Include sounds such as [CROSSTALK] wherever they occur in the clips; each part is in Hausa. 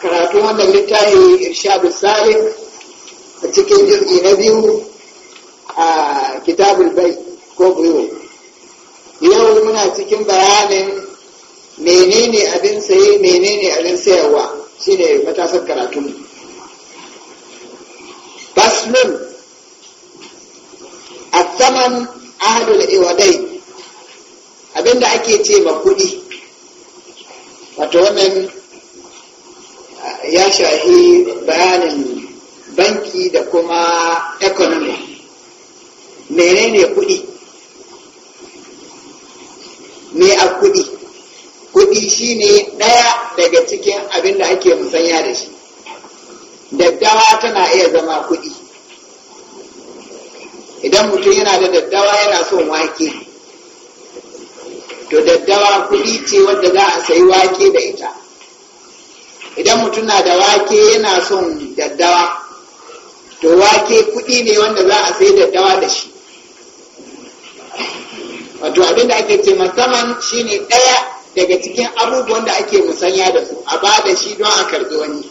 karatu wannan littafi irshadu salik a cikin jirgi na biyu a kitabul bai ko biyu, yau muna cikin bayanin menene abin saye menene abin sayarwa shine matasan karatu baslun athaman ahadul iwadai abinda ake ce ma kuɗi wato wannan ya shahi bayanin banki da kuma economy menene kuɗi me a kuɗi kuɗi shine ɗaya daga cikin abin da ake musanya da shi daddawa tana iya zama kuɗi idan mutum yana da daddawa yana son wake to daddawa kuɗi ce wadda za a sayi wake da ita idan mutum na da wake yana son daddawa to wake kuɗi ne wanda za a sai daddawa da shi wato abin da ake ce musamman shine ɗaya daga cikin abubuwan da ake musanya da su a ba da shi don a karbi wani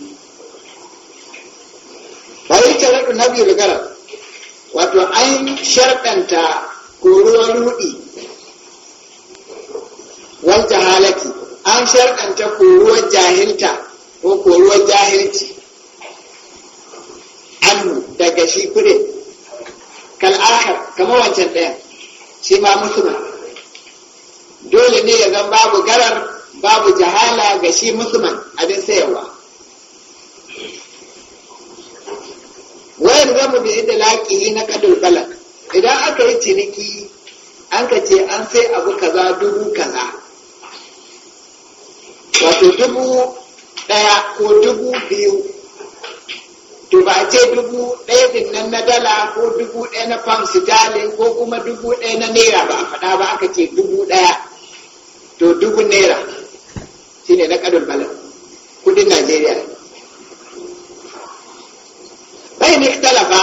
bayan sharaɗu na biyu gara wato an sharɗanta koruwar ruɗi wal jahalaki, an sharɗanta koruwar jahilta ko koruwar jahilci annu daga shi kudin kal'akar kamar wancan ɗayan shi ma musulman dole ne ya zan babu garar babu jahala ga shi musulman abin sayarwa wayar zamu da inda laƙihi na kadul balak idan aka yi ciniki an ka ce an sai abu kaza dubu kaza wato dubu daya ko dubu biyu to ba a ce dubu ɗaya din nan na dala ko dubu ɗaya na pound sterling ko kuma dubu ɗaya na naira ba a faɗa ba aka ce dubu ɗaya to dubu naira shine na ƙadar bala kudin najeriya bai ne ba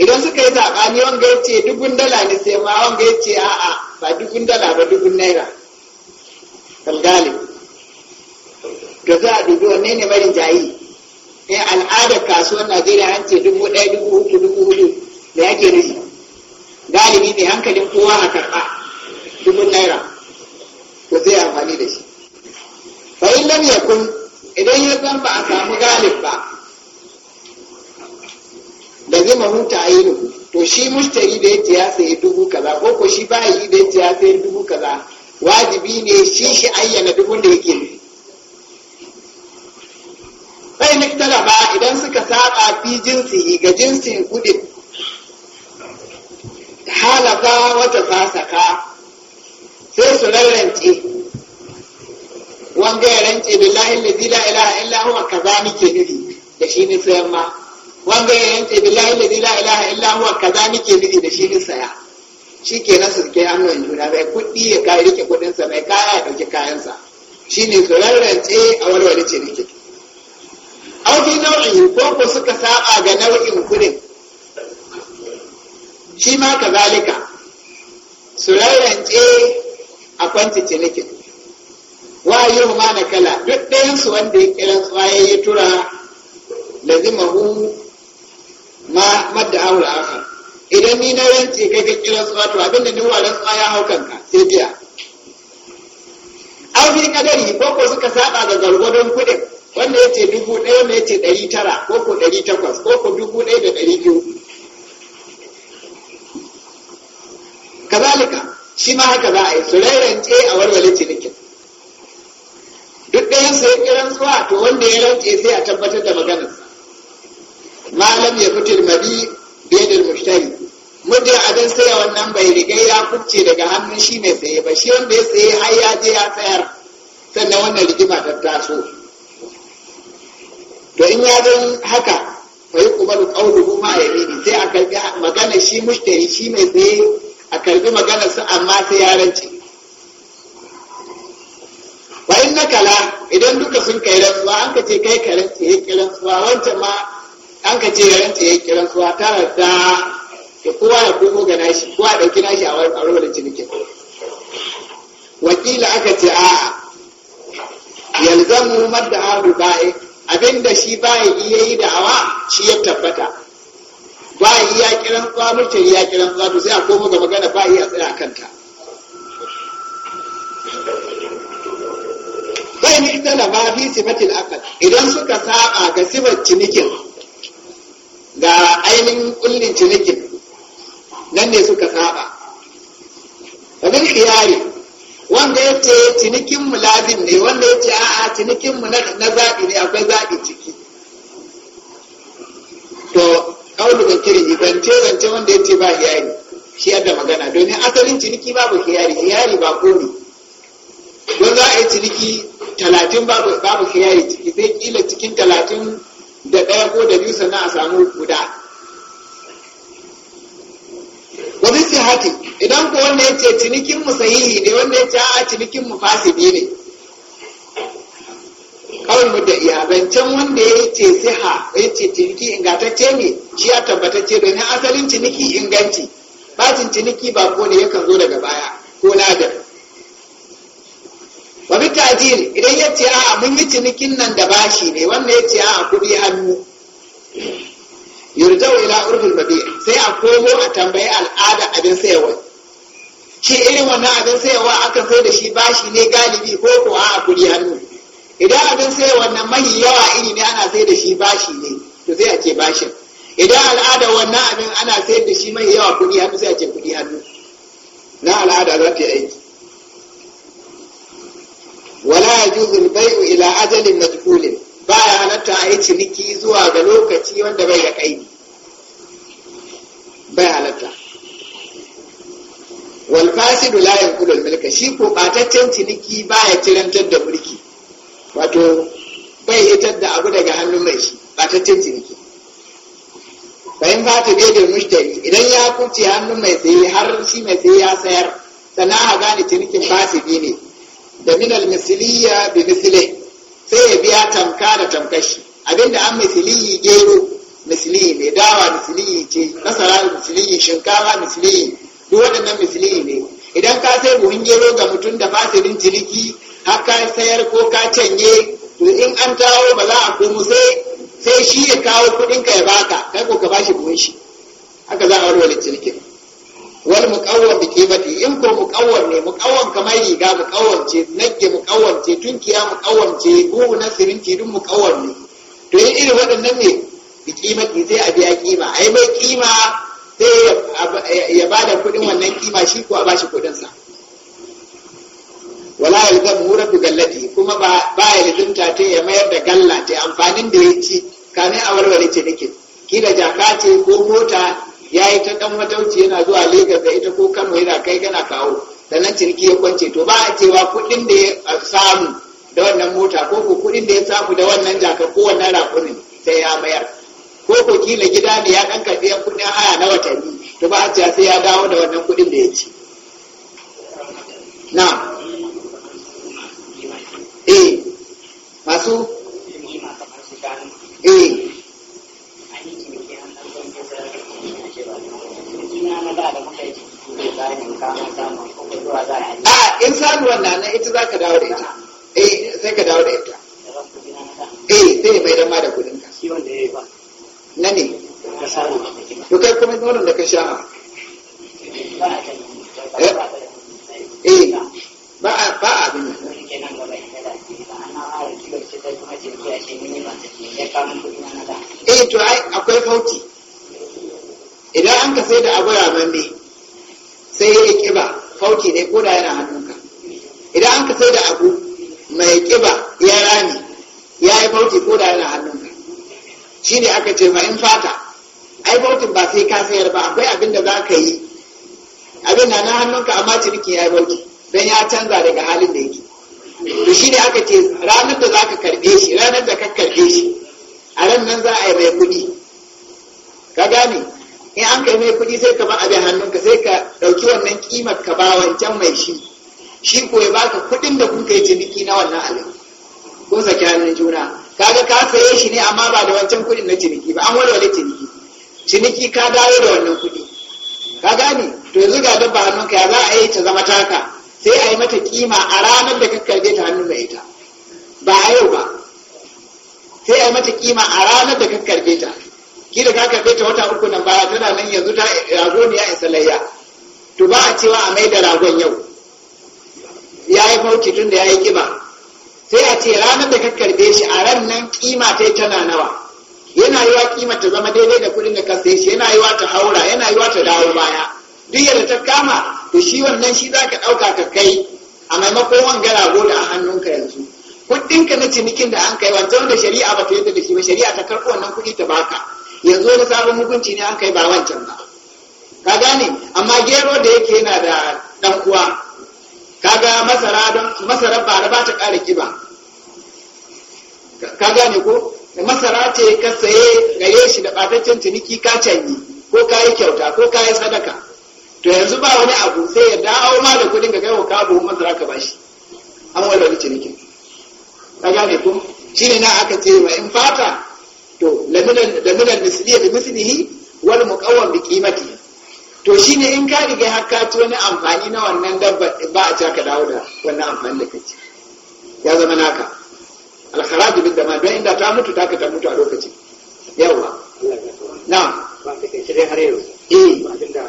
idan suka yi ni wanga ya ce dubun dala ne sai ma wanga ya ce a'a ba dubun dala ba dubun naira kalgalin da za a dubi wanne ne marin jayi in eh, al'adar kasuwar najeriya an ce dubu ɗaya dubu uku dubu hudu da yake nufi galibi ne hankalin kowa a karɓa dubu naira to zai amfani da shi fa'in lam yakun idan ya zan ba a samu galib ba da zai mahuta a yi to shi mushtari da yake ya sayi dubu kaza ko ko shi bayi da yake ya sayi dubu kaza wajibi ne shi shi ayyana dubun da yake nufi in ba idan suka saba fi jinsi ga jinsin kudi halaka wata fasaka sai su rarrance wanga ya rance billahi alladhi la ilaha illa huwa kaza nake nufi da shi ne sayan ma wanga ya rance billahi alladhi la ilaha illa huwa kaza nake nufi da shi ne saya shikenan su kai annon juna bai kuɗi ya kai rike kuɗinsa, sa mai kaya ya dauki kayan sa ne su rarrance a warware ciniki auki nau'in ko ku suka saba ga nau'in kudin shi ma ka zalika su rarrance a kwanci cinikin wayo ma na kala duk ɗayansu wanda ya kiran tsaye ya tura hu ma madda aure akhar idan ni na rance kai ka kiran tsaye to abinda ni wa rantsa ya hau kanka sai biya an fi kadari ko ko suka saba ga gargwadon kuɗin wanda ya ce dubu ɗaya wanda ce ɗari tara ko ko ɗari takwas ko ko dubu ɗaya da ɗari biyu kazalika shi ma haka za a yi su rance a warware cinikin duk ɗayan sai kiran zuwa to wanda ya rance sai a tabbatar da maganar. malam ya fitar mabi biyadar mushtari a abin saya wannan bai riga ya kubce daga hannun shi mai saye ba shi wanda ya saye har ya je ya tsayar sannan wannan rigima ta taso to in ya don haka fa yi kubalu kuma a yi ne sai a karbi magana shi mushtari shi mai tsaye a karbi su, amma sai yaranci. rance wa in na kala idan duka sun kai rantsuwa an ka ce kai ka rance ya kira rantsuwa wancan ma an ka ce ya ya kira rantsuwa ta da ya kowa ya komo ga nashi kowa ɗauki nashi a da cinikin wakila aka ce a yalzamu madda abu ba'a. Abin da shi ba ya iya yi da'awa shi ya tabbata ba ya iya kiran mutum ya kiran tsamurta sai a koma ga magana ba iya tsaya kanta bai ni ita ba fi akal idan suka saba ga sifar cinikin ga ainihin kullin cinikin nan ne suka saba kamar iyali wanda ya ce cinikin mu ne wanda ya ce a'a cinikin mu na zaɓi ne akwai zaɓi ciki to kaulu da kiri zance zance wanda ya ce ba hiyari shi yadda magana domin asalin ciniki babu hiyari hiyari ba komi don za a yi ciniki talatin babu hiyari ciki sai kila cikin talatin da ɗaya ko da biyu sannan a samu guda wa bi sihati idan ko wanda yace cinikin mu sahihi ne wanda yace a cinikin mu fasidi ne kawai mu da iyabancin wanda yace siha yace ciniki ingantacce ne shi ya tabbatacce domin asalin ciniki inganci bacin ciniki ba ko ne yakan zo daga baya ko ladar wa bi tajil idan ce a mun yi cinikin nan da bashi ne wanda yace a kudi hannu yurjau ila urfil mabi sai a komo a tambayi al'ada abin sayarwa shi irin wannan abin sayarwa akan sai da shi bashi ne galibi ko ko a kuɗi hannu idan abin sayarwa nan mahi yawa iri ne ana sai da shi bashi ne to sai a ce bashin idan al'ada wannan abin ana sai da shi mahi yawa kuɗi hannu sai a ce kuɗi hannu na al'ada za ta yi aiki wala yajuzu al-bay'u ila ajalin majhulin ba ya halatta a yi ciniki zuwa ga lokaci wanda bai da kai bai halatta wal fasidu la yanqulu al milka shi ko bataccen ciniki baya kirantar da mulki wato bai hitar da abu daga hannun mai shi bataccen ciniki bayan ba ta da mushtari idan ya kuce hannun mai saye har shi mai saye ya sayar sana'a gane cinikin fasidi ne da minal misiliya bi misilai sai ya biya tamka da tamkashi abinda an misliyi gero misliyi ne dawa misliyi ce masara misliyi shinkawa misliyi duk waɗannan misliyi ne idan ka sai buhun gero ga mutum da fasirin ciniki har ka sayar ko ka canye to in an dawo ba za a komo sai sai shi ya kawo kuɗin ya baka kai ko ka bashi buhun shi haka za a warware cinikin wal muqawwam bi qimati in ko muqawwam ne muqawwam kamar riga muqawwam ce nagge muqawwam ce tunkiya muqawwam ce ko na sirinti duk muqawwam ne to yin irin waɗannan ne bi qimati sai a biya kima ai mai kima sai ya ba da kuɗin wannan kima shi ko a bashi kuɗin sa wala yalzam bi gallati kuma ba ba ya lazimta ta ya mayar da galla ta amfanin da ya ci kamin a warware ce nake kila jaka ce ko mota ya yi ta dan matauci yana zuwa Legas da ita ko Kano yana kai gana kawo sannan ciniki ya kwance to ba a cewa kuɗin da ya samu da wannan mota ko ko kuɗin da ya samu da wannan jaka ko wannan rakunin sai ya mayar ko ko kila gida ne ya ɗan karɓi kuɗin haya na watanni to ba a cewa sai ya dawo da wannan kuɗin da ya ci na eh masu eh a in saduwar na nan ita za ka dawo da ita eh sai ka dawo da ita eh sai mai dama da kudin ka na ne to kai kuma nonon da ka sha ko yana hannunka idan an ka da abu mai kiba ya rami ya yi bauti ko yana hannunka shi ne aka ce ma in fata ai bautin ba sai ka sayar ba akwai abin da za ka yi abin na na hannunka amma cinikin ya yi bauti don ya canza daga halin da yake to shi ne aka ce ranar da za ka karɓe shi ranar da ka karbe shi a ran nan za a yi mai kuɗi ka gane an kai mai kuɗi sai ka ba abin hannunka sai ka ɗauki wannan kimar ka ba wancan mai shi shi ko ya baka kuɗin da kuka yi ciniki na wannan abin ko saki hannun juna kaga ka saye shi ne amma ba da wancan kuɗin na ciniki ba an walwale ciniki ciniki ka dawo da wannan kuɗi ka gane to yanzu ga dabba hannunka ya za a yi ta zama taka sai a yi mata kima a ranar da ka karbe ta hannun mai ita ba a yau ba sai a yi mata kima a ranar da ka karbe ta kila ka karɓe ta wata uku nan baya tana nan yanzu ta rago ne ya isa layya to ba a cewa a maida ragon yau ya yi fauci tun da ya yi ƙiba sai a ce ranar da ka karɓe shi a ran nan kima ta tana nawa yana yiwa kima ta zama daidai da kuɗin da ka sai shi yana yiwa ta haura yana yiwa ta dawo baya duk yadda ta kama to shi wannan shi za ka ɗauka ka kai a maimakon wanga rago da a hannunka yanzu kuɗinka na cinikin da an kai wancan da shari'a ba ta yadda da shi ba shari'a ta karɓo wannan kuɗi ta baka yanzu wani sabon hukunci ne an kai ba wancan ba ka gane amma gero da yake yana da dan uwa kaga masara don masara bara ba ta ƙara kiba ka gane ko masara ce ka saye gare shi da ɓataccen ciniki ka canyi ko ka yi kyauta ko ka yi sadaka to yanzu ba wani abu sai ya dawo ma da kudin ka kai wa kabo masara ka bashi an wani cinikin ka gane ko shi ne na aka ce ma in fata to laminan misliya bi mislihi wal muqawwam bi qimati to shine in ka riga har ka ci wani amfani na wannan dabba ba a caka dawo da wannan amfani da kake ya zama naka al kharaj bi dama don inda ta mutu ta ka ta mutu a lokacin yawa na ba ta kai sai har yau eh ba abinda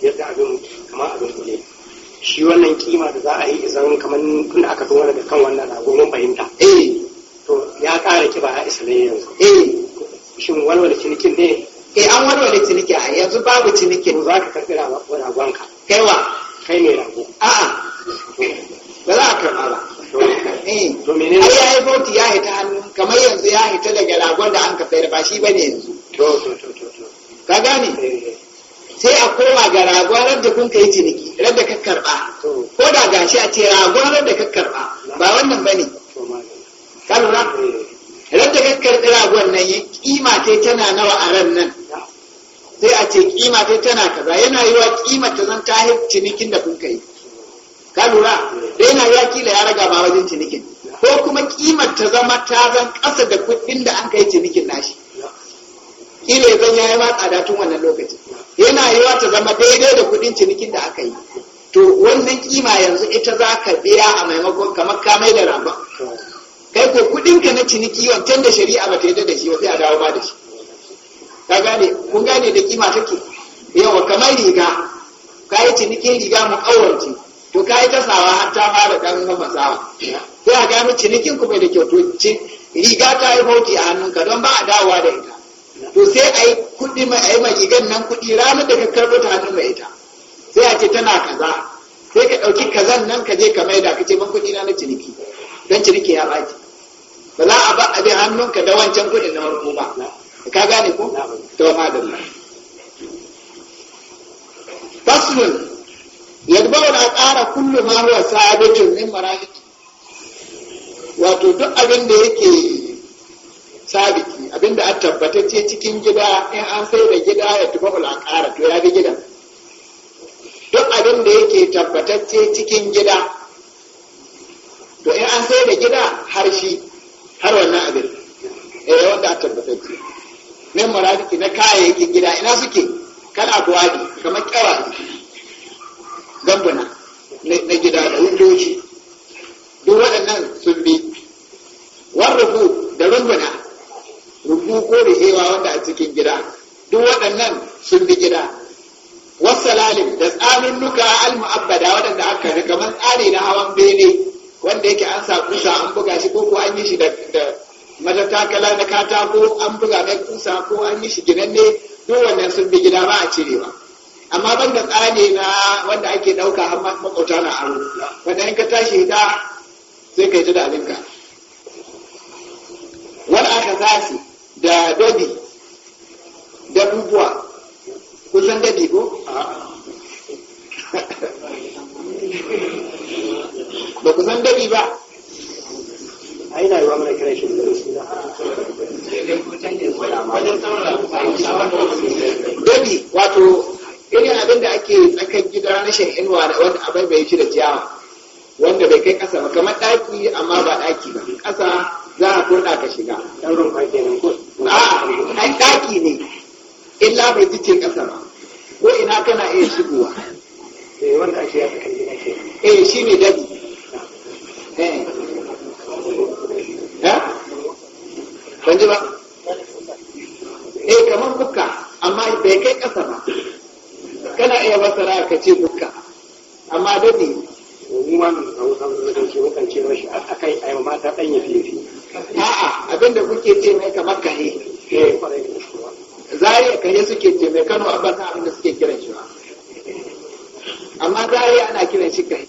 yadda abin kamar abin kule shi wannan kima da za a yi idan kamar tun aka zo daga kan wannan na mun fahimta eh to ya ƙara kiba a isa ne yanzu eh shin walwala cinikin ne eh an walwala ciniki a yanzu babu cinikin za ka karɓi ragonka ka. kai ne rago a'a ba za a karɓa ba eh. to mene ne ya yi bauti ya hita hannu kamar yanzu ya hita daga ragon da an ka sayar ba shi ba ne yanzu to to to to ka gane eh, eh. sai a koma ga ragon da kun kai ciniki da ka karɓa ko da gashi a ce ragon da ka karɓa ba wannan ba ne sarra idan da kakkar ragon nan ya kima ta tana nawa a ran nan sai a ce kima ta tana kaza yana yiwa kima ta zan ta cinikin da kun kai ka lura da yana yiwa kila ya raga ma wajen cinikin ko kuma ƙima ta zama ta zan ƙasa da kuɗin da an kai cinikin nashi kila ya zan yayi ma tsada tun wannan lokaci yana yiwa ta zama daidai da kuɗin cinikin da aka yi to wannan kima yanzu ita za ka biya a maimakon kamar kamai da rabon kai ko kudin ka na ciniki wancan da shari'a ba ta yi da shi ba sai a dawo ba da shi ka gane kun gane da kima take yawa kamar riga ka yi cinikin riga mu kawance to ka yi ta sawa har ta fara dan masawa sai a gano cinikin ku bai da kyau to riga ta yi bauti a hannunka don ba a dawowa da ita to sai a yi kudi mai a yi mai nan kudi ranar da ka karɓo ta hannun mai ita sai a ce tana kaza sai ka ɗauki kazan nan ka je ka maida ka ce ban kudi na na ciniki don ciniki ya baki ba za a ba abin hannunka da wancan kudin na marko ba ka gane ko to madalla faslun yadda wani a ƙara kullum ma huwa sabitun min marahiki wato duk abin da yake sabiki abin da a tabbatacce cikin gida in an sai da gida ya tuba a ƙara to ya bi gidan duk abin da yake tabbatacce cikin gida to in an sai da gida har shi har wannan abin eh wanda a tabbatacce min marafiki na kayayyakin gida ina suke kan akwadi kamar kyawa gambuna na gida da windoji duk waɗannan sun bi warrufu da rumbuna rubu ko da hewa wanda a cikin gida duk waɗannan sun bi gida wanda yake an sa kusa an buga shi ko an yi shi da matakakala na katako an buga na kusa ko an yi shi ginanne kowanne sun bi gida ba a cirewa amma ban da tsari na wanda ake ɗauka har makwauta na aro wanda in ka tashi da sai ka yi ta da wani aka zasi da dadi da bubuwa kusan dadi ko [LAUGHS] ba ku san dadi ba a yi wa mana kiran shi da suna wato irin abin da ake tsakan gida na shan inuwa da wani abin bai ci da ciyawa wanda bai kai ƙasa ba kamar ɗaki amma ba ɗaki ba ƙasa za a kurɗa ka shiga ɗan rumfa nan ko a ɗaki ne illa bai jice ƙasa ba ko ina kana iya shigowa eh wanda ake ya kan gina ke eh ne daɗi Eh? ban ba eh kamar bukka amma bai kai ƙasa ba kana iya masara ka ce bukka amma dadi mu ma mu samu samun zaton ce mukan ce mashi a kai a yi mata ɗanya fifi a'a abinda kuke ce mai kamar kare eh, zariya kare suke ce mai kano abin abinda suke kiran shi ba amma zariya ana kiran shi kare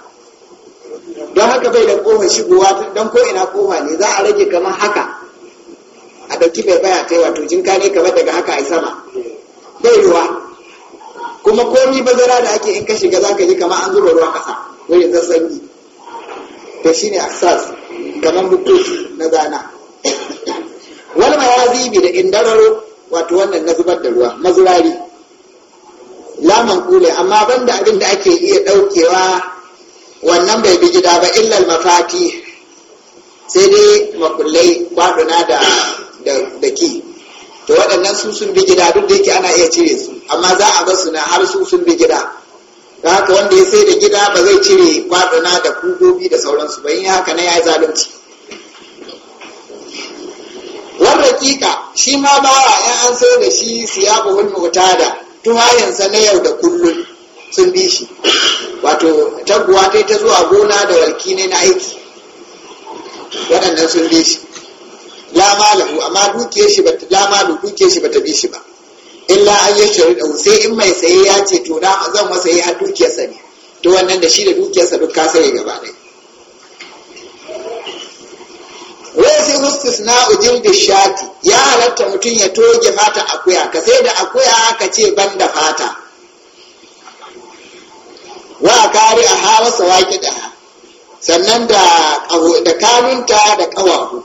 bai da kofa shigowa don ko ina kofa ne za a rage kamar haka a ɗauki bai baya kai wato jinka ne kamar daga haka a sama bai ruwa kuma komi bazara da ake in ka shiga za ka ji kamar an zuba ruwa ƙasa wurin zan to shine aksas kamar bukutu na zana ya zibi da indararo wato wannan na zubar da ruwa mazurari laman kule amma banda abin da ake iya ɗaukewa wannan bai bi gida ba illal mafati sai dai makullai kwaduna da da ki to waɗannan su sun bi gida duk da yake ana iya cire su amma za a su na har su sun bi gida da haka wanda ya sai da gida ba zai cire kwaduna da kugobi da sauransu ba in haka na ya yi zalunci kika shi ma bawa in an sai da shi siya buhun mutada tuhayensa na yau da kullum sun bi shi wato taguwa ta ta zuwa gona da warki ne na aiki waɗannan sun bi shi la malahu amma duke shi ba la malu duke shi bata bi shi ba illa an yi shari'a sai in mai saye ya ce to na zan masa yi har dukiyarsa ne to wannan da shi da dukiyarsa duk ka sai gaba ɗaya wai sai na ujil da shati ya halatta mutum ya toge fata akuya ka sai da akuya ka ce ban da fata wa kari a hawa wake waƙi da sannan da da da ƙawahu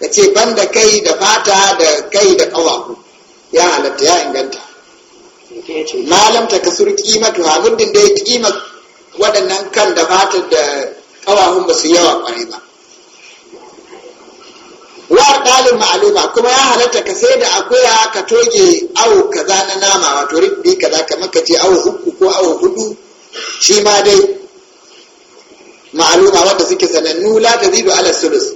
ka ce ban da kai da fata da kai da ƙawahu ya halatta ya inganta malam ta kasur kimatu ha muddin da ya kima waɗannan kan da fata da ƙawahun ba su yawa ƙwarai ba wa dalin ma'aluma kuma ya halatta ka sai da akwai ka toge awo kaza na nama wato ribbi kaza kamar ka ce awo uku ko awo hudu shi ma dai ma'aluma wanda suke sanannu la da zidu ala sulus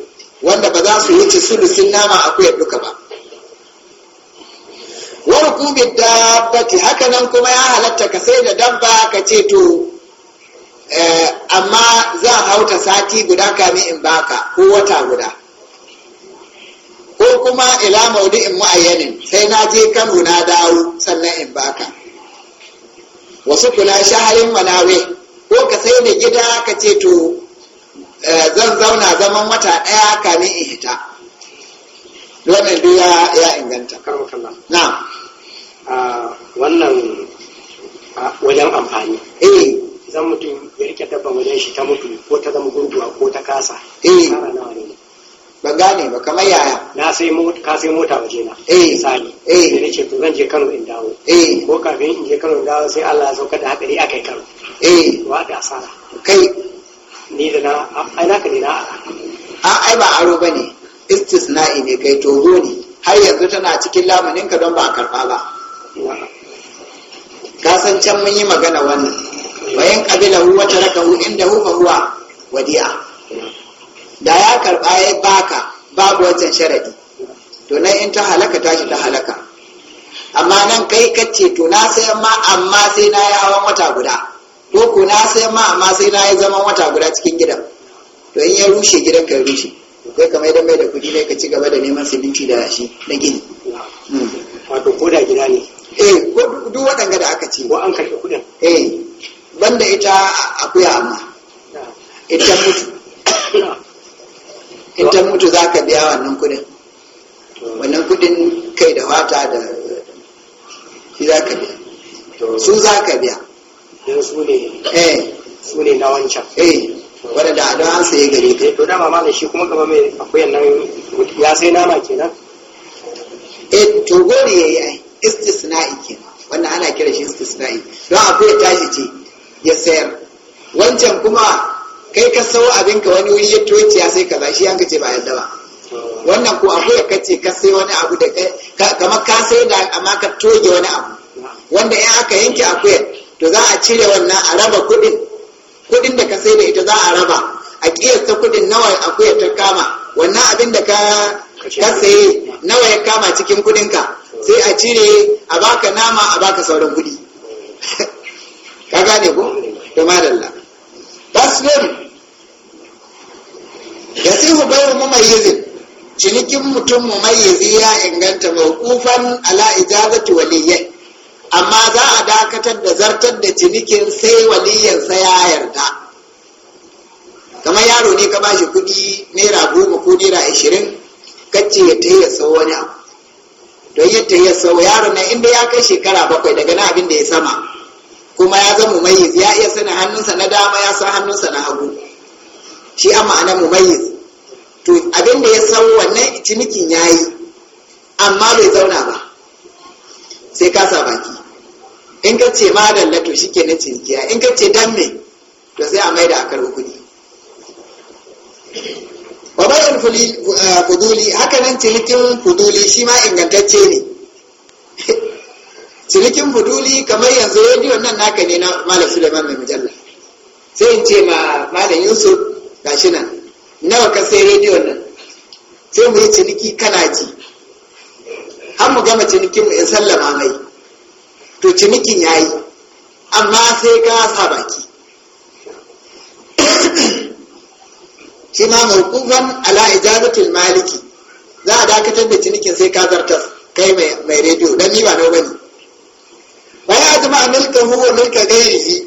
wanda ba za su wuce sulusin nama a akuyar duka ba Wani kumbi dabbati haka nan kuma ya halatta ka sai da dabba ka ce to eh, amma za hauta sati guda kamin in baka ko wata guda ko kuma ila maudu'in mu'ayyanin sai na je Kano na dawo sannan in baka wasu kula shaharin manawe ko ka sai da gida ka ce to eh, zan zauna zaman wata ɗaya ka ne in hita wannan duk ya inganta na ah, wannan wajen amfani eh zan mutum ya rike dabba wajen shi ta mutu ko ta zama gurguwa ko ta kasa eh ba gane ba kamar yaya na sai ka sai mota waje eh, eh. na eh Sani: eh ne nace to zan je Kano in dawo eh ko kafin in je Kano in dawo sai Allah ya sauka da hadari akai Kano eh wa da asara kai ni da na ai naka ne na a ai ba aro bane istisna'i ne kai toho ne har yanzu tana cikin lamunin ka don ba a karba ba ka san can mun yi magana wannan bayan qabila huwa tarakahu inda huwa huwa wadi'a da ya karɓa ya baka babu wancan sharaɗi to nan in ta halaka tashi ta halaka amma nan kai kace to na sayan ma amma sai na yi hawan wata guda ko ko na sayan ma amma sai na yi zaman wata guda cikin gidan to in ya rushe gidan ka rushe kai kamar idan mai da kuɗi ne ka ci gaba da neman siminti da shi na gini hmm. wato ko da gida ne eh duk waɗanga da aka ce. ko an karɓi kuɗin eh banda ita akuya amma ita mutu in ta mutu za ka biya wannan kudin wannan kudin kai da wata da shi za ka biya su za ka biya don su ne eh su ne na wancan eh wadda da don an saye gare eh, ka to dama ma da shi kuma gaba mai akwai nan ya sai nama kenan eh to gori yayi ai istisna'i kenan wannan ana kira shi istisna'i don akwai tashi ce ya sayar wancan kuma kai ka sayo abin ka wani wuri ya ya sai ka shi an kace ba yadda ba wannan ko akwai ka ce ka sai wani abu da kai kamar ka sai da amma ka toge wani abu wanda in aka yanke akwai to za a cire wannan a raba kuɗin kuɗin da ka sai da ita za a raba a kiyasta kuɗin nawa akwai ta kama wannan abin da ka sai nawa ya kama cikin ka sai a cire a baka nama a baka sauran kuɗi [LAUGHS] ka gane ko to madalla tasbir ya mu mai mamayyizin cinikin mutum mu mai mumayyizi ya inganta mawqufan ala ijazati waliyyai amma za a dakatar da zartar da cinikin sai waliyyansa ya yarda kamar yaro ne ka bashi kuɗi naira goma ko naira ashirin kacce ya taya sau wani abu don ya taya sau yaro na inda ya kai shekara bakwai daga na abin da ya sama kuma ya zama mai ya iya sanin hannunsa na dama ya san hannunsa na hagu shi a ma'ana mumayyiz to abin da ya san wannan cinikin yi, amma bai zauna ba sai ka sa baki in ka ce madalla to shi ke na cinikiya in ka ce dan me to sai a maida a akar kuɗi wa bayan eh, fuduli haka nan cinikin fuduli shi ma ingantacce ne [LAUGHS] cinikin fuduli kamar yanzu rediyon nan naka ne na malam suleiman mai mujalla sai in ce ma malam yusuf gashi nan nawa ka sai rediyon nan sai mu yi ciniki kana ji har mu gama cinikin mu in sallama mai to cinikin ya yi amma sai ka sa baki [COUGHS] shi ma mawqufan ala ijabatul maliki za a dakatar da cinikin sai ka zartas kai mai rediyo dan ni ba nawa bane wa ya jama'a milkahu huwa milka ghairihi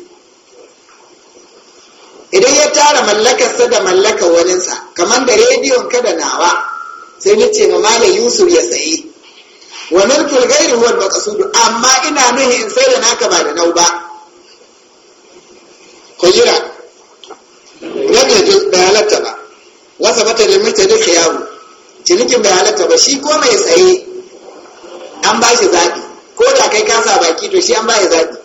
mallakarsa da mallaka waninsa kamar da rediyon ka da nawa sai ni ce ma malam yusuf ya sayi wa mulkul ghairi huwa al amma ina nuhi in sai da naka ba da nau ba kujira ne yajuz da halatta ba wasa bata da mita da khiyaru cinikin da halatta ba shi ko mai tsaye an ba shi zaɓi ko da kai kasa baki to shi an ba ya zaɓi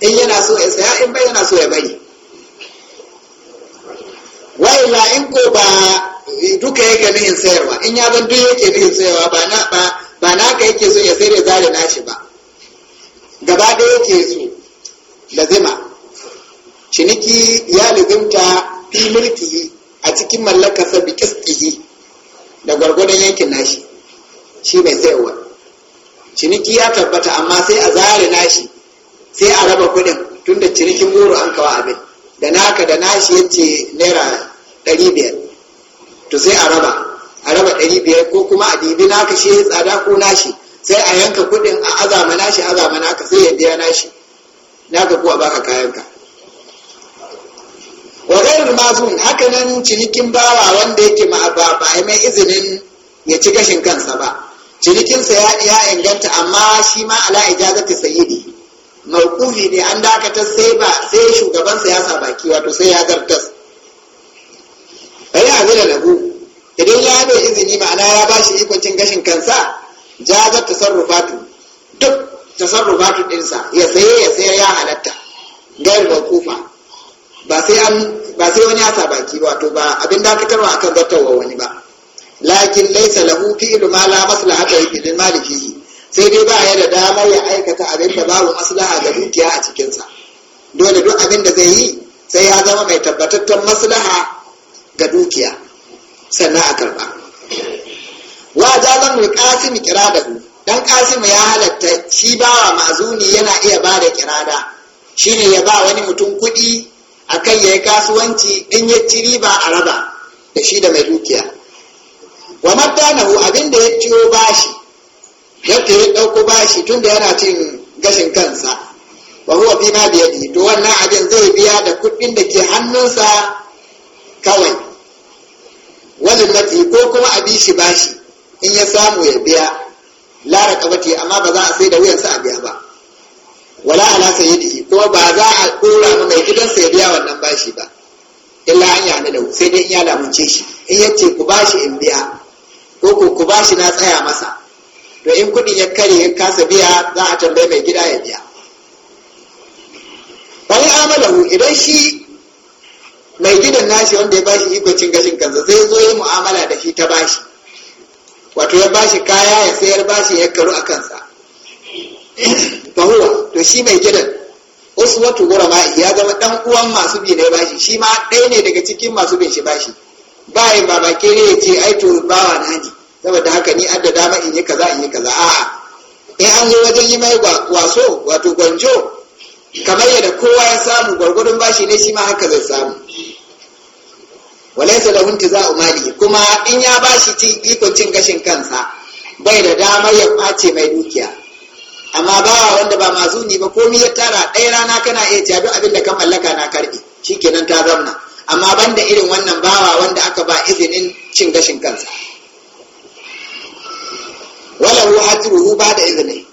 in yana so ya saya in bai yana so ya bari wa'ila in ko ba duka yake nihin sayarwa in ya zan duk yake nihin sayarwa ba na ba ba na yake so ya sayar ya zare nashi ba gaba ɗaya yake so lazima ciniki ya lazimta fi mulki a cikin mallakarsa bi kiskihi da gwargwadon yankin nashi shi mai sayarwa ciniki ya tabbata amma sai a zare nashi sai a raba kuɗin tunda cinikin goro an kawo abin da naka da nashi yace naira ɗari to sai a raba a raba ɗari biyar ko kuma a dibi naka shi tsada ko nashi sai a yanka kuɗin a azama nashi azama naka sai ya biya nashi naka kuwa baka kayanka wa gairu mazun haka nan cinikin bawa wanda yake ma ba a mai izinin ya ci gashin kansa ba cinikinsa ya inganta amma shi ma ala ijazati sayyidi mawqufi ne an dakatar sai ba sai shugabansa ya sa baki wato sai ya zartas da lahu idan ya bai izini ma'ana ya ba shi ikon gashin kansa jazar tasarrufatu duk tasarrufatu ɗinsa ya saye ya saye ya halatta gayar da kufa ba sai wani ya baki ba to ba abin dakatarwa akan zartarwa wani ba lakin laisa lahu ilu ma la yi lil maliki sai dai ba ya da damar ya aikata abin da babu maslaha ga dukiya a cikinsa dole duk abin da zai yi sai ya zama mai tabbatattun maslaha ga dukiya sannan a karba wa jalan mu kirada ku dan kasimu ya halatta shi bawa mazuni yana iya ba da kirada shine ya ba wani mutum kuɗi akan yayi kasuwanci in ya ci riba a raba da shi da mai dukiya wa matanahu abin da ya ciyo bashi yadda ya dauko bashi tunda yana cin gashin kansa wa huwa fi ma biyadi to wannan abin zai biya da kuɗin da ke hannunsa kawai wani mafi ko kuma a bishi bashi in ya samu ya biya lara kabati amma ba za a sai da wuyansa a biya ba wala ala sayyidi ko ba za a kura ma mai gidansa ya biya wannan bashi ba illa an yana da sai dai in ya lamunce shi in ya ce ku bashi in biya ko ku ku bashi na tsaya masa to in kudin ya kare ya kasa biya za a tambaye mai gida ya biya wani amalahu idan shi mai gidan nashi wanda ya bashi ikocin gashin kansa zai zo ya mu'amala da shi ta bashi wato ya bashi kaya ya sayar bashi ya karu a kansa Bahuwa to shi mai gidan wasu gura gurama ya zama dan uwan masu bi na bashi shi ma ɗaya ne daga cikin masu bin shi bashi bayan baba ke ne ya ce ai to bawa na ne saboda haka ni adda dama in yi kaza in yi kaza a'a in an zo wajen yi mai waso wato gwanjo kamar yadda kowa ya samu gwargwadon bashi ne shi ma haka zai samu walaysa za intiza'u malihi kuma in ya ba bashi ikon cin gashin kansa bai da damar ya kwace mai dukiya amma bawa wanda ba ne ba komi ya tara ɗaya rana kana iya cewa abin da kan mallaka na shi shikenan ta zamna amma banda irin wannan bawa wanda aka ba izinin cin gashin kansa walahu ajruhu ba da izini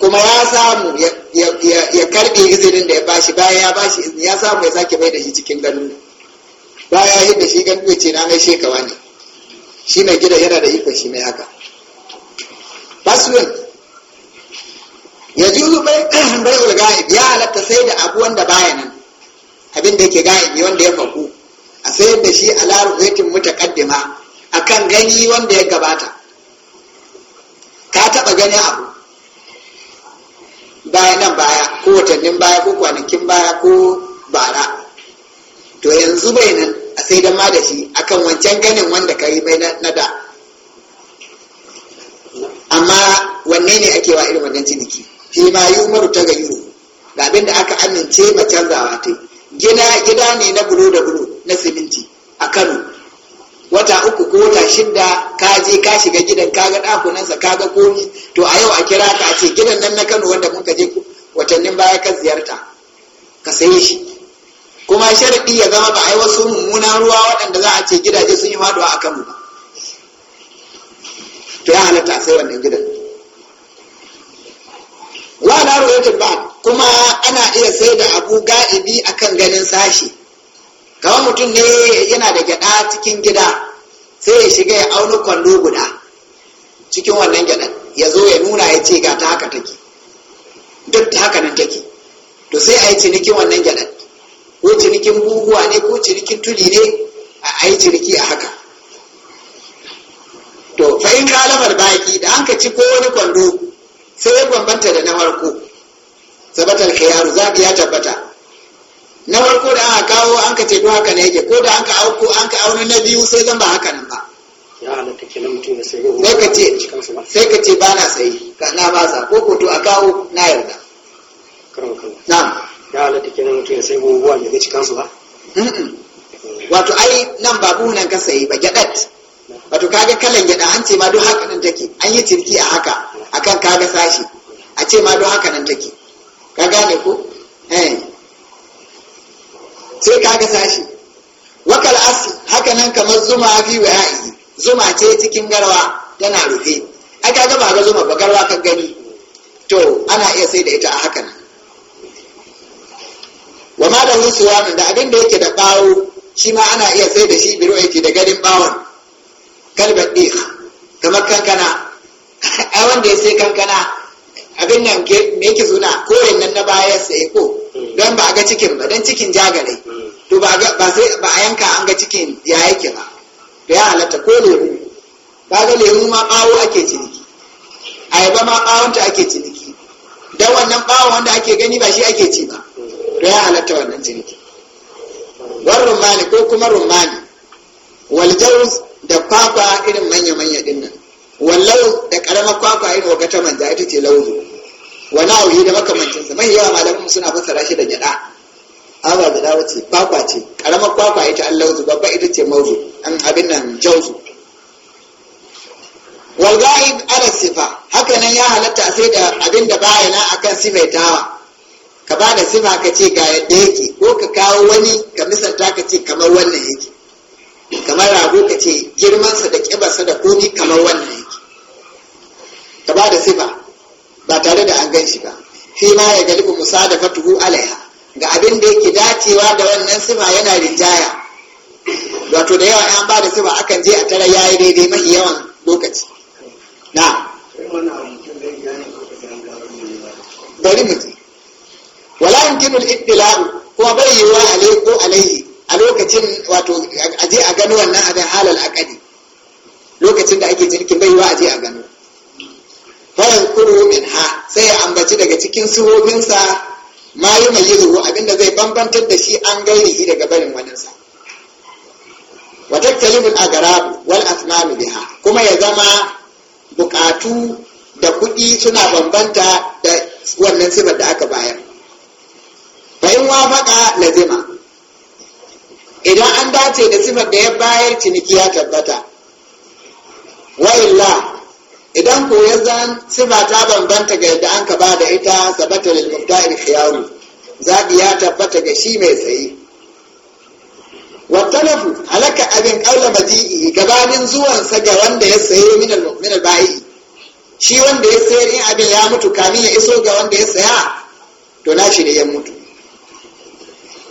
kuma ya samu ya karɓe izinin da ya bashi bayan ya bashi izini ya samu ya sake mai da shi cikin ganin baya yi da shi gandu ce na mai shekawa ne shi mai gida yana da ikon shi mai haka faslun ya juzu bai [CLEARS THROAT] bai ga'ib ya halatta sai da abu wanda baya nan abin da yake ga'ibi wanda ya faku a sayar da shi a larubetin a akan gani wanda ya gabata ka taba gani abu baya nan baya ko watannin baya ko kwanakin baya ko bara to yanzu bai nan a sai dan ma da shi akan wancan ganin wanda ka yi mai na da amma wanne ne ake wa irin wannan ciniki shi ma yi umaru ta ga yiro ga abin da aka amince ma canzawa ta gida gida ne na bulo da bulo na siminti a kano wata uku ko wata shida ka je ka shiga gidan ka ga ɗakunansa ka ga komi to a yau a kira ka a ce gidan nan na kano wanda muka je watannin baya ka ziyarta ka sayi shi kuma sharadi ya zama ba a yi wasu mummunan ruwa waɗanda za a ce gidaje sun yi maduwa a kanmu ba to ya halatta sai wannan gidan wa na ruwayatul ba kuma ana iya sai da abu ga'ibi akan ganin sashi kawai mutum ne yana da gyada cikin gida sai ya shiga ya auna kwallo guda cikin wannan gyadan ya zo ya nuna ya ce ga ta haka take duk ta haka nan take to sai a yi cinikin wannan gyadan ko cinikin buhuwa ne ko cinikin tuli ne a yi ciniki a haka to fa kalamar baki da an ka ci ko wani kwando sai ya bambanta da na farko zabatar yaro zaɓi ya tabbata na farko da aka kawo an ka ce haka ne yake ko da an ka auko an ka auna na biyu sai zan ba haka nan ba sai ka ce ba na sayi na ba sa ko ko to a kawo na yarda na ya halatta kenan mutum ya sai bubuwa bai ga cikansu ba wato ai nan ba buhunan ka sayi ba gyadat wato kaga kalan gyada an ce ma don haka nan take an yi cirki a haka akan kaga sashi a ce ma don haka nan take ka gane ko eh sai kaga sashi wakal asi haka nan kamar zuma fi yi. zuma ce cikin garwa tana rufe ai kaga ba ga zuma ba garwa ka gani to ana iya sai da ita a haka nan wa malamin suwanin da abin da yake da bawo shi ma ana iya sai da shi biro yake da garin bawon kalbar ɗin kamar kankana a [LAUGHS] wanda ya sai kankana abin nan me yake suna ko nan na baya sai ko don ba a ga cikin ba don cikin jagare to ba a yanka an ga cikin ya yake ba to ya halatta ko lemu ba ga lemu ma bawo ake ciniki ayaba ma bawonta ake ciniki don wannan bawon wanda ake gani ba shi ake ci ba to ya halatta wannan ciniki war rumani ko kuma rumani waljaus da kwakwa irin manya manya din nan wallau da ƙaramar kwakwa irin wagata manja ita ce lauzu wani auhi da makamancinsa, mai yawa malamin suna fassara shi da gyada aba gyada wace kwakwa ce ƙaramar kwakwa ita an lauzu babba ita ce mauzu an abin nan jauzu wal ala sifa haka nan ya halatta sai da abin da bayana akan sifaitawa ka ba da sifa ka ce ga yadda yake ko ka kawo wani ka misalta ka ce kamar wannan yake kamar rago ka ce girmansa da ƙibarsa da komi kamar wannan yake ka ba da sifa ba tare da an gan shi ba fi ma ya ku musa da fatuhu alaiha ga abin da yake dacewa da wannan sifa yana rinjaya wato da yawa an ba da sifa akan je a tara yayi daidai mafi yawan lokaci na bari mu wala yumkinu al-ittila'u kuma bai yiwa alai ko alaihi a lokacin wato aje a gano wannan abin halal akadi lokacin da ake jirgin bai yiwa aje a gano bayan kuru min ha sai ya ambaci daga cikin sa ma yi mai yi abinda zai bambantar da shi an gairihi daga barin sa. wata talibin agarab wal asmanu biha kuma ya zama bukatu da kuɗi suna bambanta da wannan sifar da aka bayar lazima idan an dace da sifar da ya bayar ciniki ya tabbata wa'illa idan ko ya zan sifa ta bambanta ga yadda an ka ba da ita sabata lil mubta'il khiyaru zabi ya tabbata ga shi mai wata wattalafu halaka abin qawla maji'i gabanin zuwan ga wanda ya saye min shi wanda ya sayar in abin ya mutu kamin ya iso ga wanda ya saya to na shi ne ya mutu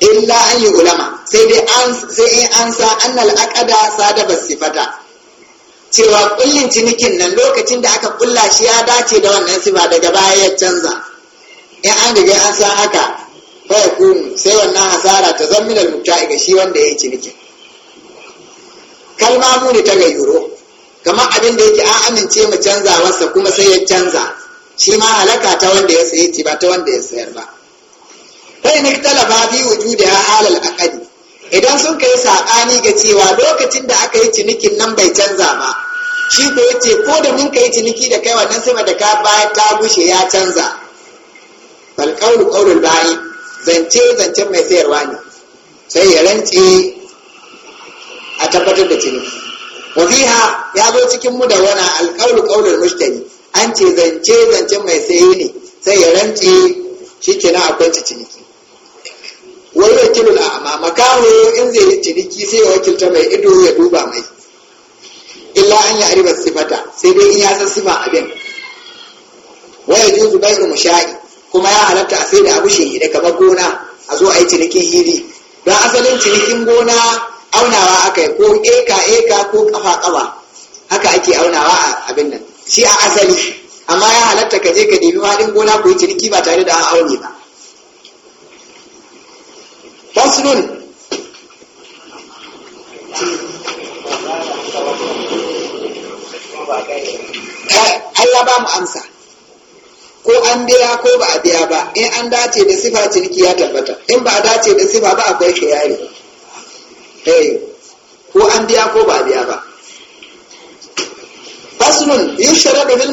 illa an yi ulama sai dai an sai in an sa annal aqada sadaba sifata cewa kullin cinikin nan lokacin da aka kulla shi ya dace da wannan sifa daga baya ya canza in an riga an san haka fa ku. sai wannan hasara ta zan da mubta'i ga shi wanda yi cinikin kalma muni ta gayyuro kamar abin da yake an amince mu canza canzawarsa kuma sai ya canza shi ma halaka ta wanda ya sayi ce ba ta wanda ya sayar ba kai ne talaba bi wujudi ha alal aqadi idan sun kai sabani ga cewa lokacin da aka yi cinikin nan bai canza ba shi ko yace ko da mun kai ciniki da kai wannan sama da ka baya ta gushe ya canza bal qawlu qawlul ba'i zance zance mai sayarwa ne sai ya rantse a tabbatar da ciniki fiha ya zo cikin mu da wana alƙawlu ƙaunar mushtari an ce zance zancen mai sayi ne sai ya rance shi kenan akwai ciniki wai wakilul a'ma makaho in zai yi ciniki sai ya wakilta mai ido ya duba mai illa an yi ariba sifata sai dai in ya san sifa abin waya juzu bai'u musha'i kuma ya halatta a sai da abu shi da kamar gona a zo a yi cinikin hiri. don asalin cinikin gona aunawa aka yi ko eka eka ko kafa kafa haka ake aunawa a abin nan shi a asali amma ya halatta ka je ka nemi faɗin gona ko yi ciniki ba tare da an aune ba faslun Allah ba mu amsa ko an biya ko ba a biya ba in an dace da sifa ciniki ya tabbata in ba a dace da sifa ba akwai kiyari eh ko an biya ko ba a biya ba faslun yushradu lil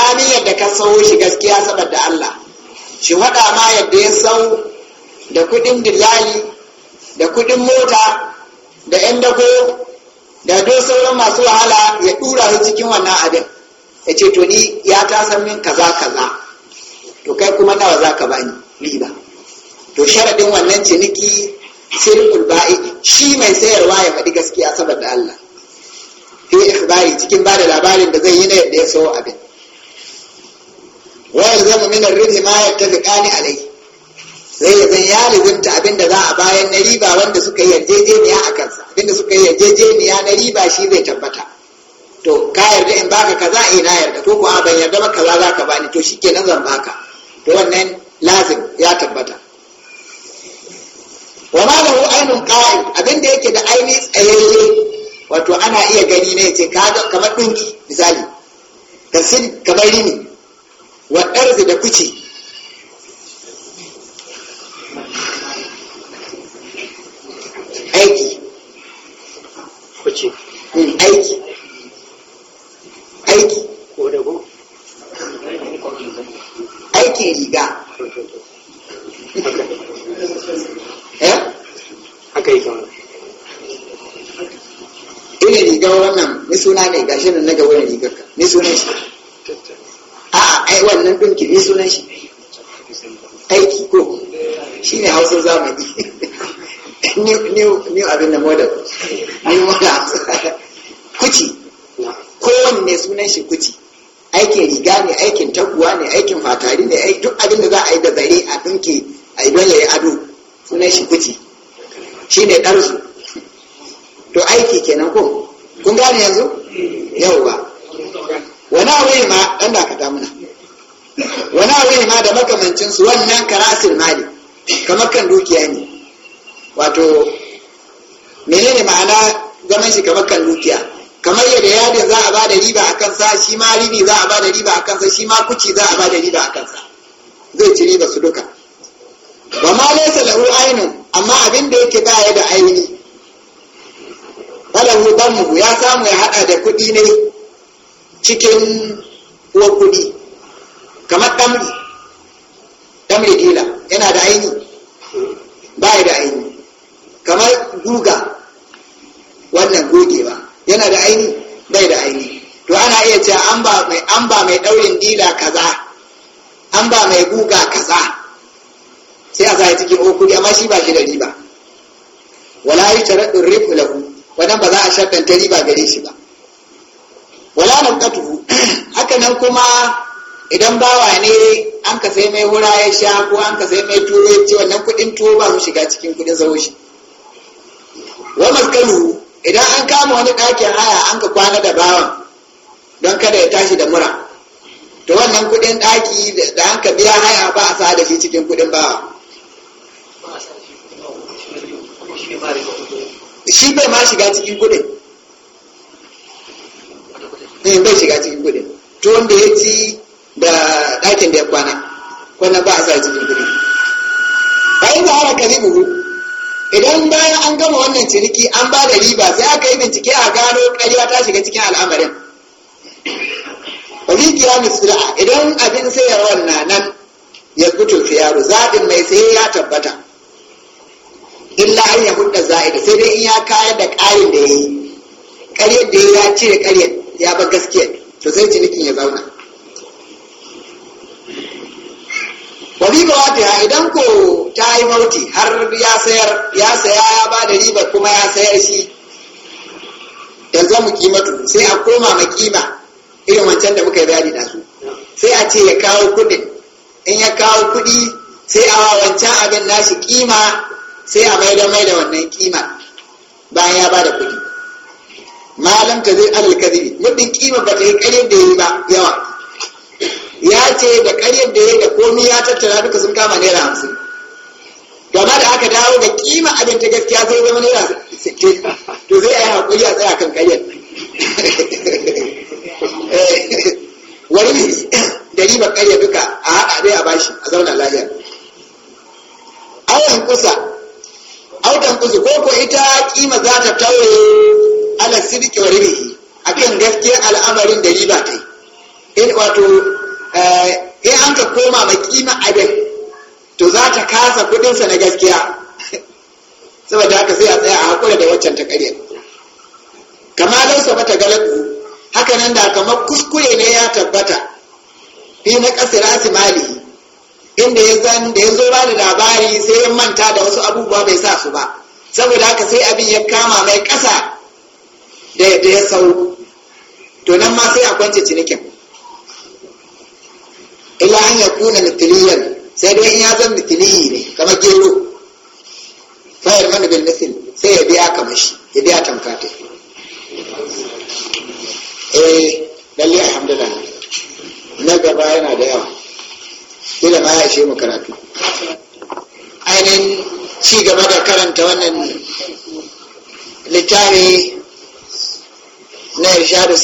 tsakanin yadda ka sawo shi gaskiya saboda Allah shi faɗa ma yadda ya sau da kuɗin dillali da kuɗin mota da 'yan dako da do sauran masu wahala ya ɗura su cikin wannan abin ya ce to ni ya ta san min kaza kaza to kai kuma nawa za ka bani riba to sharaɗin wannan ciniki sirrul ba'i shi mai sayarwa ya faɗi gaskiya saboda Allah fi ikhbari cikin ba da labarin da zai yi na yadda ya sayo abin wa yalzamu min ar-ribi ma yattafiqani alayhi sai ya zan ya abin abinda za a bayan na riba wanda suka yi yarjejeniya a kansa abinda suka yi yarjejeniya na riba shi bai tabbata to ka yarda in baka kaza a ina yarda ko kuwa ban yarda ba kaza za ka bani to shikenan zan baka to wannan lazim ya tabbata wa ma lahu ainun qa'im abinda yake da aini tsayayye wato ana iya gani ne ce kaga kamar dinki misali kasin kamar rini wa arzi da kuce ne abin da model ne model kuci kowanne sunan shi kuci aikin riga ne aikin taguwa ne aikin fatari ne duk abin da za a yi da zare a dunke a yi ya yi ado sunan shi kuci shi ne ɗarsu to aiki kenan ko kun gane yanzu yauwa wani abu ma ɗan da ka muna wani abu ma da makamancinsu wannan karasin mali kamar kan dukiya ne wato menene ma'ana zaman shi kamar kan dukiya kamar yadda yadin za a ba da riba a kansa shi ma ribi za a ba da riba a kansa shi ma kuci za a ba da riba a kansa zai ci riba su duka ba ma laisa lahu aynun amma abin da yake ba ya da aini falahu mu ya samu ya hada da kuɗi ne cikin kuwa kuɗi kamar damri ƙabila kaza an ba mai guga kaza sai a zai cikin okuri oh, amma shi ba shi da riba wala yi sharaɗin rifu lahu wannan ba za a ta riba gare shi ba wala nan katuhu [CLEARS THROAT] haka nan kuma idan bawa ne an ka sai mai wura ya sha ko an ka sai mai tuwo ya ce wannan kuɗin tuwo ba su shiga cikin kuɗin zawo shi wa maskalu idan an kama wani ɗakin haya an ka kwana da bawan don kada ya tashi da mura to wannan kuɗin ɗaki da an ka biya haya ba a sa da shi cikin kuɗin ba shi bai ma shiga cikin kudin ne eh, bai shiga cikin kudin to wanda ya ci da ɗakin da ya kwana wannan ba a sa cikin kuɗin bayan da ana karibu idan bayan an gama wannan ciniki an ba da riba sai aka yi bincike a gano ƙarya ta shiga cikin al'amarin wani kiyami idan abin sayarwar na nan ya fito yaro zaɓin mai sai ya tabbata illa an ya hudda za'ida sai dai in ya kayar da ƙarin da ya yi ƙaryar da ya cire ƙaryar ya ba gaskiya to sai cinikin ya zauna Wani ga wata idan ko ta yi mauti har ya sayar ya saya ya ba da ribar kuma ya sayar shi yanzu mu kimatu sai a koma ma kima irin wancan da muka yi bayani da su sai a ce ya kawo kuɗin in ya kawo kuɗi sai a wancan abin nashi kima sai a maida maida wannan kima bayan ya bada kuɗi malam ta zai alal kadhibi muddin kima ba ta yi ƙaryar da yi ba yawa ya ce da ƙaryar da yi da komi ya tattara duka sun kama naira hamsin gama da aka dawo da kima abin ta gaskiya zai zama naira sittin to zai a yi haƙuri a tsaya kan ƙaryar [LAUGHS] Eh, wani da riba karya duka a haɗa dai a bashi a zauna lahiyar auren kusa auren kusa ko ko ita kima za ta taure ala sidiki wa a kan gaskiya al'amarin da riba ta yi eh, wato eh, in an ka koma ma kima abin to za ta kasa kudinsa na gaskiya [LAUGHS] saboda haka sai a tsaya a haƙura da waccan ta karya kamar lausa mata galabu hakanan da kamar kuskure ne ya tabbata fi na kasira mali inda ya zan da ya zo ba da labari sai ya manta da wasu abubuwa bai sa su ba saboda haka sai abin ya kama mai kasa da ya sau to nan ma sai a kwance cinikin ila an ya kuna mitiliyar sai dai in ya zan mitiliyi ne kamar gero fayar mana bin nufin sai ya biya kamar ya biya tamkata eh lalle alhamdulillah na gaba yana da yawa ila ma ya karatu ainihin ci gaba da karanta wannan littafi na irshadu